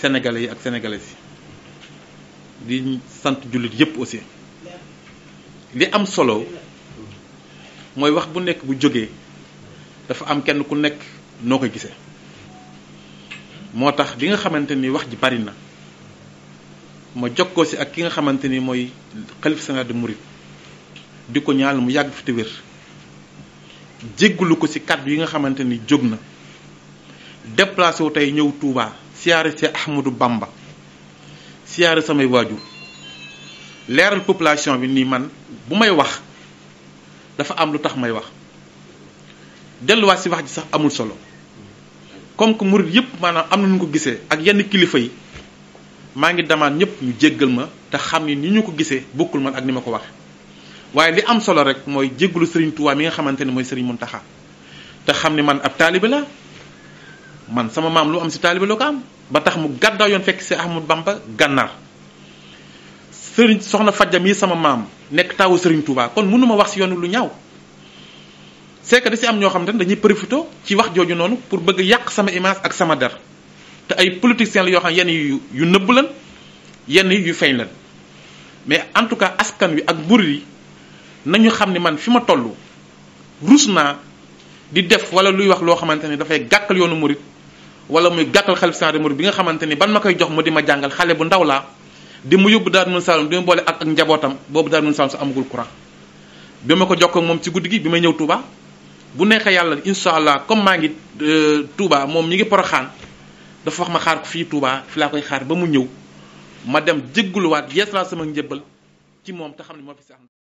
sénégalais yi ak sénégalaises yi di sant jullit yépp aussi li am solo mooy wax bu nekk bu jógee dafa am kenn ku nekk noo ko gisee moo tax bi nga xamante ni wax ji bari na ma jokkoo si ak ki nga xamante ni mooy xalif général des mourides di ko ñaal mu yàgg fi te wér jéggulu ko si kàddu yi nga xamante ni jóg na déplacé wu tey ñëw tuubaa siyaare Cheikh Ahmadou Bamba siyaare samay waajur leeral population bi nii man bu may wax dafa am lu tax may wax delluwaat si wax ji sax amul solo comme que murit yëpp maanaam am na nu ko gisee ak yenn kilifa yi maa ngi demaat ñëpp ñu jéggal ma te xam ni ni ñu ko gisee bokkul man ak ni ma ko wax waaye li am solo rek mooy jéggalu sëriñ Touba mi nga xamante ni mooy sëriñ mun taxa te xam ni man ab taalibe la man sama maam lu am si taalibe loo ko am ba tax mu gàddaaw yoon fekk si Ahmadu Bamba gànnaar sëriñ soxna fajjam yi sama maam nekk taawu sëriñ Touba kon mënuma wax si yoonu lu ñaw c'est que da si am ñoo xam ne dañuy profité ci wax jooju noonu pour bëgg yàq sama image ak sama der te ay politiciens la yoo xam yenn yu yu nëbb lan yenn yi yu feeñ lan mais en tout cas askan wi ak buur yi nañu xam ne man fi ma toll rus naa di def wala luy wax loo xamante ne dafay gàkkal yoonu murit wala muy gàkkal xalif général des mourides bi nga xamante ni ban ma koy jox mu di ma jàngal xale bu ndaw laa di mu yóbbu daal Minam saalum di mu boole ak ak njabootam boobu Daaru Minam Saloum sa amagul courant bi ma ko jox ko moom ci guddi gi bi may ñëw Touba bu neexee yàlla incha allah comme maa ngi euh, Touba moom mi ngi Poroxaan dafa wax ma xaar ko fii Touba fi laa koy xaar ba mu ñëw ma dem jégguluwaat yees laa sama njëbal ci moom te xam ne moo fi sax